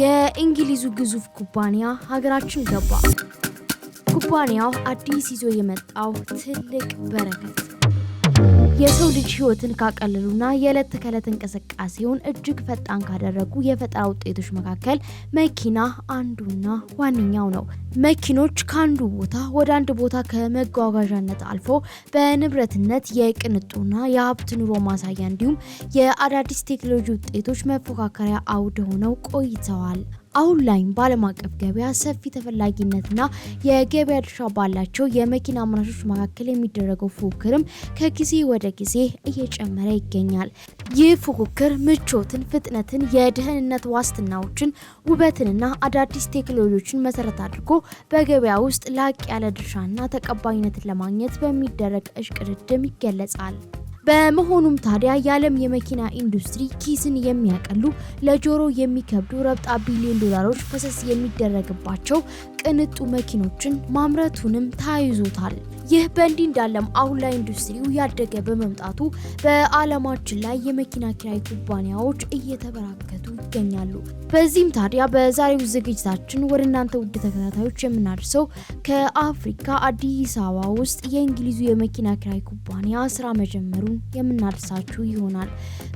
የእንግሊዙ ግዙፍ ኩባንያ ሀገራችን ገባ። ኩባንያው አዲስ ይዞ የመጣው ትልቅ በረከት የሰው ልጅ ህይወትን ካቀለሉና የዕለት ተከዕለት እንቅስቃሴውን እጅግ ፈጣን ካደረጉ የፈጠራ ውጤቶች መካከል መኪና አንዱና ዋነኛው ነው። መኪኖች ከአንዱ ቦታ ወደ አንድ ቦታ ከመጓጓዣነት አልፎ በንብረትነት የቅንጡና የሀብት ኑሮ ማሳያ እንዲሁም የአዳዲስ ቴክኖሎጂ ውጤቶች መፎካከሪያ አውድ ሆነው ቆይተዋል። አሁን ላይም በዓለም አቀፍ ገበያ ሰፊ ተፈላጊነትና የገበያ ድርሻ ባላቸው የመኪና አምራቾች መካከል የሚደረገው ፉክክርም ከጊዜ ወደ ጊዜ እየጨመረ ይገኛል። ይህ ፉክክር ምቾትን፣ ፍጥነትን፣ የደህንነት ዋስትናዎችን፣ ውበትንና አዳዲስ ቴክኖሎጂዎችን መሰረት አድርጎ በገበያ ውስጥ ላቅ ያለ ድርሻና ተቀባይነትን ለማግኘት በሚደረግ እሽቅድድም ይገለጻል። በመሆኑም ታዲያ የዓለም የመኪና ኢንዱስትሪ ኪስን የሚያቀሉ ለጆሮ የሚከብዱ ረብጣ ቢሊዮን ዶላሮች ፈሰስ የሚደረግባቸው ቅንጡ መኪኖችን ማምረቱንም ተያይዞታል። ይህ በእንዲህ እንዳለም አሁን ላይ ኢንዱስትሪው ያደገ በመምጣቱ በዓለማችን ላይ የመኪና ኪራይ ኩባንያዎች እየተበራከቱ ይገኛሉ። በዚህም ታዲያ በዛሬው ዝግጅታችን ወደ እናንተ ውድ ተከታታዮች የምናደርሰው ከአፍሪካ አዲስ አበባ ውስጥ የእንግሊዙ የመኪና ኪራይ ኩባንያ ስራ መጀመሩን የምናደርሳችሁ ይሆናል።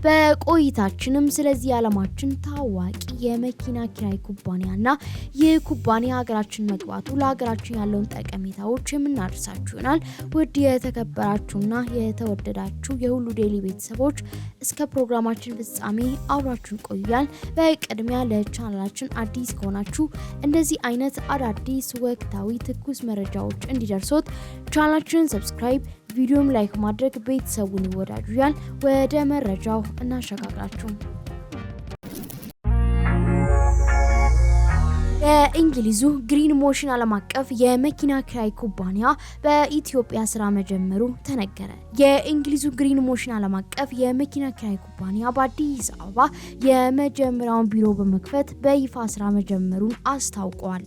በቆይታችንም ስለዚህ የዓለማችን ታዋቂ የመኪና ኪራይ ኩባንያና ይህ ኩባንያ ሀገራችን መግባቱ ለሀገራችን ያለውን ጠቀሜታዎች የምናደርሳችሁ ደርሰናል። ውድ የተከበራችሁና የተወደዳችሁ የሁሉ ዴይሊ ቤተሰቦች እስከ ፕሮግራማችን ፍጻሜ አብራችሁን ቆያል። በቅድሚያ ለቻናላችን አዲስ ከሆናችሁ እንደዚህ አይነት አዳዲስ ወቅታዊ ትኩስ መረጃዎች እንዲደርሶት ቻናላችንን ሰብስክራይብ፣ ቪዲዮም ላይክ ማድረግ ቤተሰቡን ይወዳጁያል ወደ መረጃው እናሸጋግራችሁ። የእንግሊዙ ግሪን ሞሽን ዓለም አቀፍ የመኪና ክራይ ኩባንያ በኢትዮጵያ ስራ መጀመሩ ተነገረ። የእንግሊዙ ግሪን ሞሽን ዓለም አቀፍ የመኪና ክራይ ኩባንያ በአዲስ አበባ የመጀመሪያውን ቢሮ በመክፈት በይፋ ስራ መጀመሩን አስታውቋል።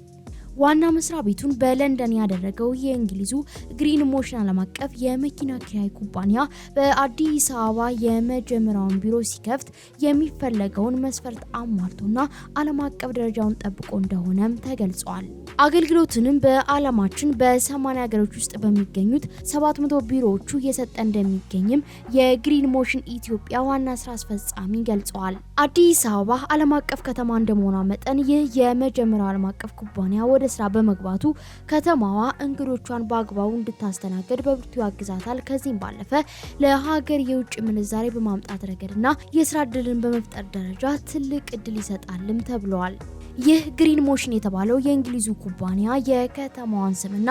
ዋና መስሪያ ቤቱን በለንደን ያደረገው የእንግሊዙ ግሪን ሞሽን ዓለም አቀፍ የመኪና ኪራይ ኩባንያ በአዲስ አበባ የመጀመሪያውን ቢሮ ሲከፍት የሚፈለገውን መስፈርት አሟልቶና ዓለም አቀፍ ደረጃውን ጠብቆ እንደሆነም ተገልጿል። አገልግሎትንም በዓለማችን በ80 ሀገሮች ውስጥ በሚገኙት 700 ቢሮዎቹ እየሰጠ እንደሚገኝም የግሪን ሞሽን ኢትዮጵያ ዋና ስራ አስፈጻሚ ገልጸዋል። አዲስ አበባ ዓለም አቀፍ ከተማ እንደመሆኗ መጠን ይህ የመጀመሪያው ዓለም አቀፍ ኩባንያ ወደ ስራ በመግባቱ ከተማዋ እንግዶቿን በአግባቡ እንድታስተናገድ በብርቱ ያግዛታል። ከዚህም ባለፈ ለሀገር የውጭ ምንዛሬ በማምጣት ረገድና የስራ እድልን በመፍጠር ደረጃ ትልቅ እድል ይሰጣልም ተብለዋል። ይህ ግሪን ሞሽን የተባለው የእንግሊዙ ኩባንያ የከተማዋን ስምና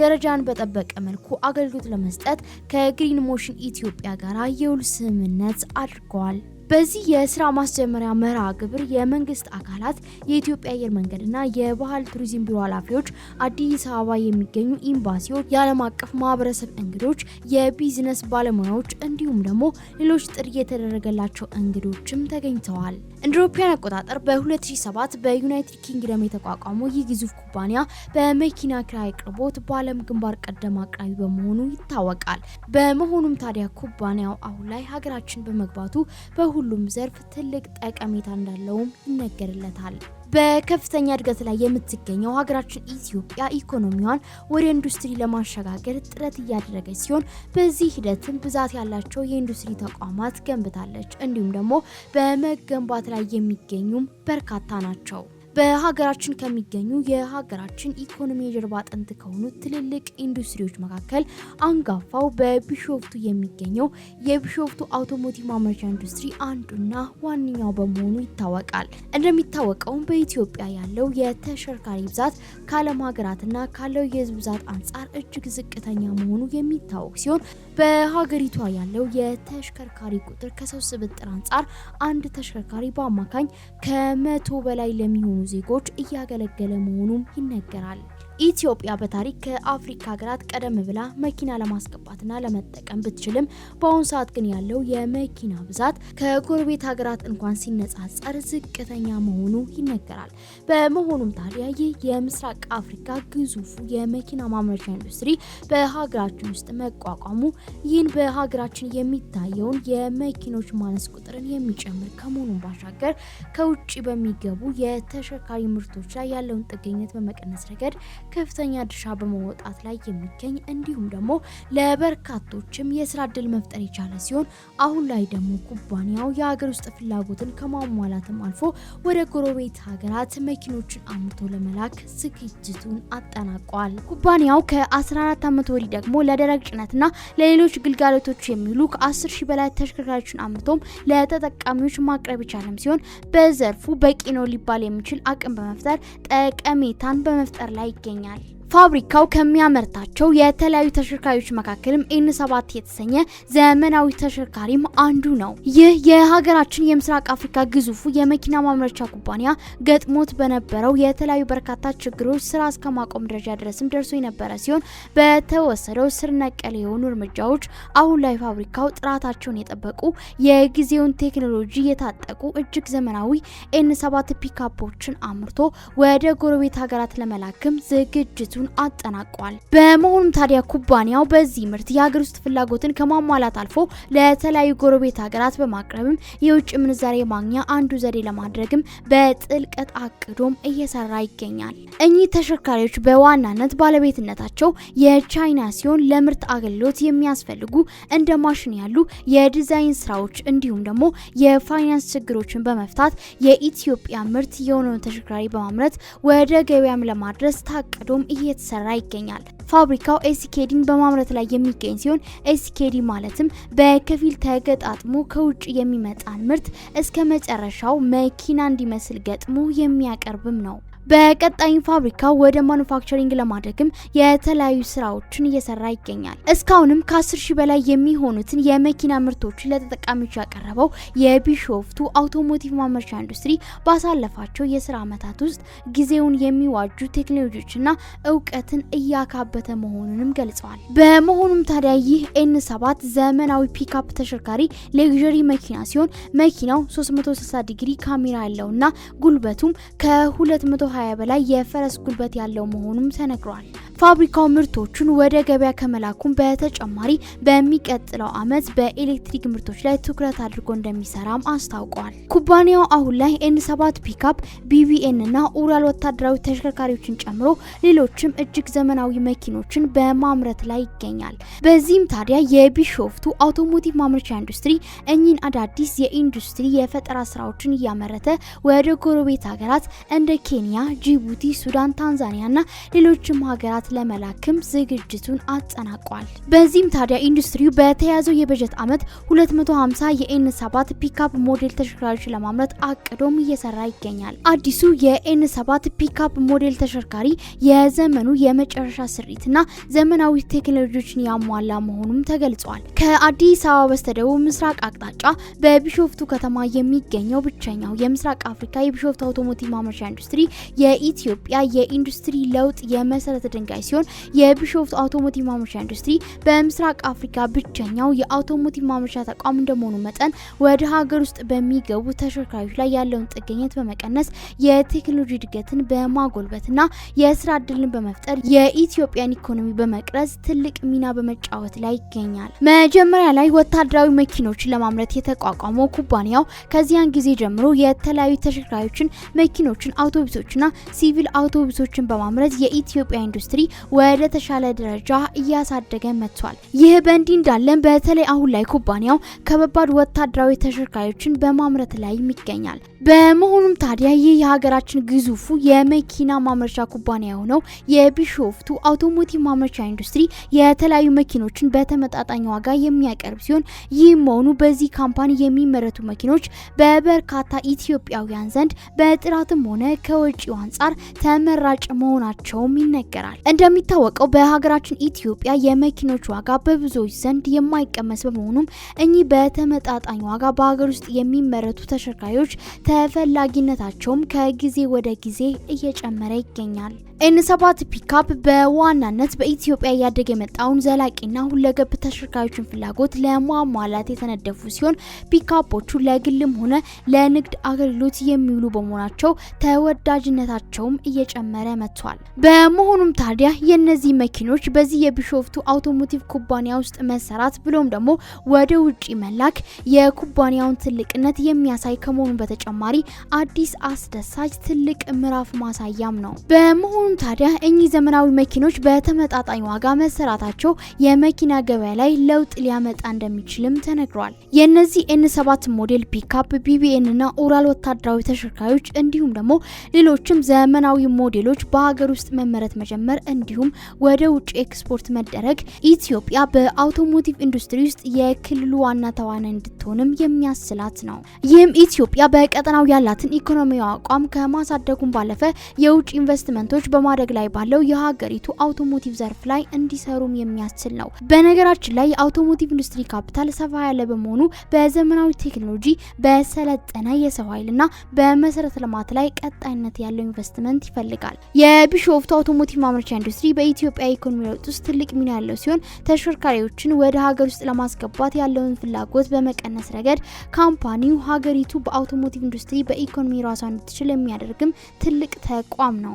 ደረጃን በጠበቀ መልኩ አገልግሎት ለመስጠት ከግሪን ሞሽን ኢትዮጵያ ጋር የውል ስምምነት አድርገዋል። በዚህ የስራ ማስጀመሪያ መርሃ ግብር የመንግስት አካላት የኢትዮጵያ አየር መንገድና የባህል ቱሪዝም ቢሮ ኃላፊዎች፣ አዲስ አበባ የሚገኙ ኤምባሲዎች፣ የዓለም አቀፍ ማህበረሰብ እንግዶች፣ የቢዝነስ ባለሙያዎች እንዲሁም ደግሞ ሌሎች ጥሪ የተደረገላቸው እንግዶችም ተገኝተዋል። እንደ አውሮፓውያን አቆጣጠር በ2007 በዩናይትድ ኪንግደም የተቋቋመው ይህ ግዙፍ ኩባንያ በመኪና ክራይ አቅርቦት በዓለም ግንባር ቀደም አቅራቢ በመሆኑ ይታወቃል። በመሆኑም ታዲያ ኩባንያው አሁን ላይ ሀገራችን በመግባቱ በሁሉም ዘርፍ ትልቅ ጠቀሜታ እንዳለውም ይነገርለታል። በከፍተኛ እድገት ላይ የምትገኘው ሀገራችን ኢትዮጵያ ኢኮኖሚዋን ወደ ኢንዱስትሪ ለማሸጋገር ጥረት እያደረገች ሲሆን በዚህ ሂደትም ብዛት ያላቸው የኢንዱስትሪ ተቋማት ገንብታለች። እንዲሁም ደግሞ በመገንባት ላይ የሚገኙም በርካታ ናቸው። በሀገራችን ከሚገኙ የሀገራችን ኢኮኖሚ የጀርባ አጥንት ከሆኑ ትልልቅ ኢንዱስትሪዎች መካከል አንጋፋው በቢሾፍቱ የሚገኘው የቢሾፍቱ አውቶሞቲቭ ማምረቻ ኢንዱስትሪ አንዱና ዋነኛው በመሆኑ ይታወቃል። እንደሚታወቀውም በኢትዮጵያ ያለው የተሽከርካሪ ብዛት ከዓለም ሀገራትና ካለው የህዝብ ብዛት አንጻር እጅግ ዝቅተኛ መሆኑ የሚታወቅ ሲሆን በሀገሪቷ ያለው የተሽከርካሪ ቁጥር ከሰው ስብጥር አንጻር አንድ ተሽከርካሪ በአማካኝ ከመቶ በላይ ለሚሆኑ ዜጎች እያገለገለ መሆኑም ይነገራል። ኢትዮጵያ በታሪክ ከአፍሪካ ሀገራት ቀደም ብላ መኪና ለማስገባትና ለመጠቀም ብትችልም በአሁኑ ሰዓት ግን ያለው የመኪና ብዛት ከጎረቤት ሀገራት እንኳን ሲነጻጸር ዝቅተኛ መሆኑ ይነገራል። በመሆኑም ታዲያ ይህ የምስራቅ አፍሪካ ግዙፉ የመኪና ማምረቻ ኢንዱስትሪ በሀገራችን ውስጥ መቋቋሙ ይህን በሀገራችን የሚታየውን የመኪኖች ማነስ ቁጥርን የሚጨምር ከመሆኑ ባሻገር ከውጭ በሚገቡ የተሸካሪ ምርቶች ላይ ያለውን ጥገኝነት በመቀነስ ረገድ ከፍተኛ ድርሻ በመወጣት ላይ የሚገኝ እንዲሁም ደግሞ ለበርካቶችም የስራ እድል መፍጠር የቻለ ሲሆን አሁን ላይ ደግሞ ኩባንያው የሀገር ውስጥ ፍላጎትን ከማሟላትም አልፎ ወደ ጎረቤት ሀገራት መኪኖችን አምርቶ ለመላክ ዝግጅቱን አጠናቋል። ኩባንያው ከ14 ዓመት ወዲህ ደግሞ ለደረቅ ጭነትና ለሌሎች ግልጋሎቶች የሚውሉ ከ10 ሺህ በላይ ተሽከርካሪዎችን አምርቶም ለተጠቃሚዎች ማቅረብ የቻለም ሲሆን በዘርፉ በቂ ነው ሊባል የሚችል አቅም በመፍጠር ጠቀሜታን በመፍጠር ላይ ይገኛል። terminal. ፋብሪካው ከሚያመርታቸው የተለያዩ ተሽከርካሪዎች መካከልም ኤን ሰባት የተሰኘ ዘመናዊ ተሽከርካሪም አንዱ ነው። ይህ የሀገራችን የምስራቅ አፍሪካ ግዙፉ የመኪና ማምረቻ ኩባንያ ገጥሞት በነበረው የተለያዩ በርካታ ችግሮች ስራ እስከ ማቆም ደረጃ ድረስም ደርሶ የነበረ ሲሆን በተወሰደው ስር ነቀል የሆኑ እርምጃዎች አሁን ላይ ፋብሪካው ጥራታቸውን የጠበቁ የጊዜውን ቴክኖሎጂ የታጠቁ እጅግ ዘመናዊ ኤን ሰባት ፒካፖችን አምርቶ ወደ ጎረቤት ሀገራት ለመላክም ዝግጅቱ ዝግጅቱን አጠናቋል። በመሆኑም ታዲያ ኩባንያው በዚህ ምርት የሀገር ውስጥ ፍላጎትን ከማሟላት አልፎ ለተለያዩ ጎረቤት ሀገራት በማቅረብም የውጭ ምንዛሬ ማግኛ አንዱ ዘዴ ለማድረግም በጥልቀት አቅዶም እየሰራ ይገኛል። እኚህ ተሽከርካሪዎች በዋናነት ባለቤትነታቸው የቻይና ሲሆን ለምርት አገልግሎት የሚያስፈልጉ እንደ ማሽን ያሉ የዲዛይን ስራዎች እንዲሁም ደግሞ የፋይናንስ ችግሮችን በመፍታት የኢትዮጵያ ምርት የሆነውን ተሽከርካሪ በማምረት ወደ ገበያም ለማድረስ ታቅዶም እየ እየተሰራ ይገኛል። ፋብሪካው ኤስኬዲን በማምረት ላይ የሚገኝ ሲሆን ኤስኬዲ ማለትም በከፊል ተገጣጥሞ ከውጭ የሚመጣን ምርት እስከ መጨረሻው መኪና እንዲመስል ገጥሞ የሚያቀርብም ነው። በቀጣይ ፋብሪካ ወደ ማኑፋክቸሪንግ ለማድረግም የተለያዩ ስራዎችን እየሰራ ይገኛል። እስካሁንም ከ10 ሺህ በላይ የሚሆኑትን የመኪና ምርቶችን ለተጠቃሚዎች ያቀረበው የቢሾፍቱ አውቶሞቲቭ ማምረቻ ኢንዱስትሪ ባሳለፋቸው የስራ ዓመታት ውስጥ ጊዜውን የሚዋጁ ቴክኖሎጂዎችና እውቀትን እያካበተ መሆኑንም ገልጸዋል። በመሆኑም ታዲያ ይህ ኤን ሰባት ዘመናዊ ፒክአፕ ተሽከርካሪ ሌግዥሪ መኪና ሲሆን መኪናው 360 ዲግሪ ካሜራ ያለውና ጉልበቱም ከ220 ከ20 በላይ የፈረስ ጉልበት ያለው መሆኑም ተነግሯል። ፋብሪካው ምርቶቹን ወደ ገበያ ከመላኩም በተጨማሪ በሚቀጥለው ዓመት በኤሌክትሪክ ምርቶች ላይ ትኩረት አድርጎ እንደሚሰራም አስታውቋል። ኩባንያው አሁን ላይ ኤን ሰባት ፒካፕ፣ ቢቢኤን እና ኡራል ወታደራዊ ተሽከርካሪዎችን ጨምሮ ሌሎችም እጅግ ዘመናዊ መኪኖችን በማምረት ላይ ይገኛል። በዚህም ታዲያ የቢሾፍቱ አውቶሞቲቭ ማምረቻ ኢንዱስትሪ እኚህን አዳዲስ የኢንዱስትሪ የፈጠራ ስራዎችን እያመረተ ወደ ጎረቤት ሀገራት እንደ ኬንያ፣ ጅቡቲ፣ ሱዳን፣ ታንዛኒያ እና ሌሎችም ሀገራት ለመላክም ዝግጅቱን አጠናቋል። በዚህም ታዲያ ኢንዱስትሪው በተያዘው የበጀት ዓመት 250 የኤን 7 ፒካፕ ሞዴል ተሽከርካሪዎች ለማምረት አቅዶም እየሰራ ይገኛል። አዲሱ የኤን 7 ፒካፕ ሞዴል ተሽከርካሪ የዘመኑ የመጨረሻ ስሪትና ዘመናዊ ቴክኖሎጂዎችን ያሟላ መሆኑም ተገልጿል። ከአዲስ አበባ በስተደቡብ ምስራቅ አቅጣጫ በቢሾፍቱ ከተማ የሚገኘው ብቸኛው የምስራቅ አፍሪካ የቢሾፍቱ አውቶሞቲቭ ማምረቻ ኢንዱስትሪ የኢትዮጵያ የኢንዱስትሪ ለውጥ የመሰረተ ድንጋይ ላይ ሲሆን የቢሾፍት አውቶሞቲቭ ማምረቻ ኢንዱስትሪ በምስራቅ አፍሪካ ብቸኛው የአውቶሞቲቭ ማምረቻ ተቋም እንደመሆኑ መጠን ወደ ሀገር ውስጥ በሚገቡ ተሽከርካሪዎች ላይ ያለውን ጥገኝነት በመቀነስ የቴክኖሎጂ እድገትን በማጎልበትና የስራ እድልን በመፍጠር የኢትዮጵያን ኢኮኖሚ በመቅረጽ ትልቅ ሚና በመጫወት ላይ ይገኛል። መጀመሪያ ላይ ወታደራዊ መኪኖችን ለማምረት የተቋቋመው ኩባንያው ከዚያን ጊዜ ጀምሮ የተለያዩ ተሽከርካሪዎችን፣ መኪኖችን፣ አውቶቡሶችና ሲቪል አውቶቡሶችን በማምረት የኢትዮጵያ ኢንዱስትሪ ወደ ተሻለ ደረጃ እያሳደገ መጥቷል። ይህ በእንዲህ እንዳለን በተለይ አሁን ላይ ኩባንያው ከበባድ ወታደራዊ ተሽከርካሪዎችን በማምረት ላይ ይገኛል። በመሆኑም ታዲያ ይህ የሀገራችን ግዙፉ የመኪና ማምረቻ ኩባንያ የሆነው የቢሾፍቱ አውቶሞቲቭ ማምረቻ ኢንዱስትሪ የተለያዩ መኪኖችን በተመጣጣኝ ዋጋ የሚያቀርብ ሲሆን ይህም መሆኑ በዚህ ካምፓኒ የሚመረቱ መኪኖች በበርካታ ኢትዮጵያውያን ዘንድ በጥራትም ሆነ ከወጪው አንጻር ተመራጭ መሆናቸውም ይነገራል። እንደሚታወቀው በሀገራችን ኢትዮጵያ የመኪኖች ዋጋ በብዙዎች ዘንድ የማይቀመስ በመሆኑም እኚህ በተመጣጣኝ ዋጋ በሀገር ውስጥ የሚመረቱ ተሽከርካሪዎች ተፈላጊነታቸውም ከጊዜ ወደ ጊዜ እየጨመረ ይገኛል። ኤን ሰባት ፒካፕ በዋናነት በኢትዮጵያ እያደገ የመጣውን ዘላቂና ሁለገብ ተሽከርካሪዎችን ፍላጎት ለማሟላት የተነደፉ ሲሆን ፒካፖቹ ለግልም ሆነ ለንግድ አገልግሎት የሚውሉ በመሆናቸው ተወዳጅነታቸውም እየጨመረ መጥቷል። በመሆኑም ታዲያ የእነዚህ መኪኖች በዚህ የቢሾፍቱ አውቶሞቲቭ ኩባንያ ውስጥ መሰራት ብሎም ደግሞ ወደ ውጭ መላክ የኩባንያውን ትልቅነት የሚያሳይ ከመሆኑ በተጨማሪ አዲስ አስደሳች ትልቅ ምዕራፍ ማሳያም ነው በመሆኑ ሆኖም ታዲያ እኚህ ዘመናዊ መኪኖች በተመጣጣኝ ዋጋ መሰራታቸው የመኪና ገበያ ላይ ለውጥ ሊያመጣ እንደሚችልም ተነግሯል። የእነዚህ ኤን ሰባት ሞዴል ፒካፕ፣ ቢቢኤን እና ኦራል ወታደራዊ ተሽከርካሪዎች እንዲሁም ደግሞ ሌሎችም ዘመናዊ ሞዴሎች በሀገር ውስጥ መመረት መጀመር እንዲሁም ወደ ውጭ ኤክስፖርት መደረግ ኢትዮጵያ በአውቶሞቲቭ ኢንዱስትሪ ውስጥ የክልሉ ዋና ተዋናይ እንድትሆንም የሚያስላት ነው። ይህም ኢትዮጵያ በቀጠናው ያላትን ኢኮኖሚያዊ አቋም ከማሳደጉም ባለፈ የውጭ ኢንቨስትመንቶች በ በማደግ ላይ ባለው የሀገሪቱ አውቶሞቲቭ ዘርፍ ላይ እንዲሰሩም የሚያስችል ነው። በነገራችን ላይ የአውቶሞቲቭ ኢንዱስትሪ ካፒታል ሰፋ ያለ በመሆኑ በዘመናዊ ቴክኖሎጂ በሰለጠነ የሰው ኃይልና በመሰረተ ልማት ላይ ቀጣይነት ያለው ኢንቨስትመንት ይፈልጋል። የቢሾፍቱ አውቶሞቲቭ ማምረቻ ኢንዱስትሪ በኢትዮጵያ ኢኮኖሚ ለውጥ ውስጥ ትልቅ ሚና ያለው ሲሆን ተሽከርካሪዎችን ወደ ሀገር ውስጥ ለማስገባት ያለውን ፍላጎት በመቀነስ ረገድ ካምፓኒው ሀገሪቱ በአውቶሞቲቭ ኢንዱስትሪ በኢኮኖሚ ራሷ እንድትችል የሚያደርግም ትልቅ ተቋም ነው።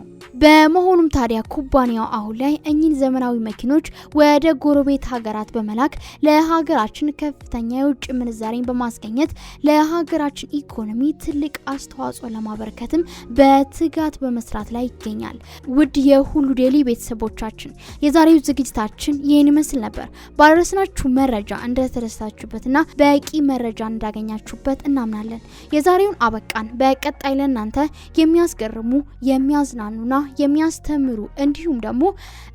በመሆኑም ታዲያ ኩባንያው አሁን ላይ እኚህን ዘመናዊ መኪኖች ወደ ጎረቤት ሀገራት በመላክ ለሀገራችን ከፍተኛ የውጭ ምንዛሬን በማስገኘት ለሀገራችን ኢኮኖሚ ትልቅ አስተዋጽኦ ለማበረከትም በትጋት በመስራት ላይ ይገኛል። ውድ የሁሉ ዴይሊ ቤተሰቦቻችን የዛሬው ዝግጅታችን ይህን ይመስል ነበር። ባደረስናችሁ መረጃ እንደተደሰታችሁበትና በቂ መረጃ እንዳገኛችሁበት እናምናለን። የዛሬውን አበቃን። በቀጣይ ለእናንተ የሚያስገርሙ የሚያዝናኑና የሚ የሚያስተምሩ እንዲሁም ደግሞ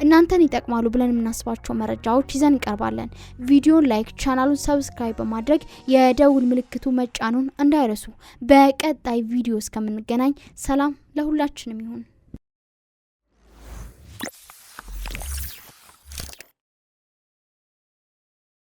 እናንተን ይጠቅማሉ ብለን የምናስባቸው መረጃዎች ይዘን እንቀርባለን። ቪዲዮን ላይክ፣ ቻናሉን ሰብስክራይብ በማድረግ የደውል ምልክቱ መጫኑን እንዳይረሱ። በቀጣይ ቪዲዮ እስከምንገናኝ ሰላም ለሁላችንም ይሁን።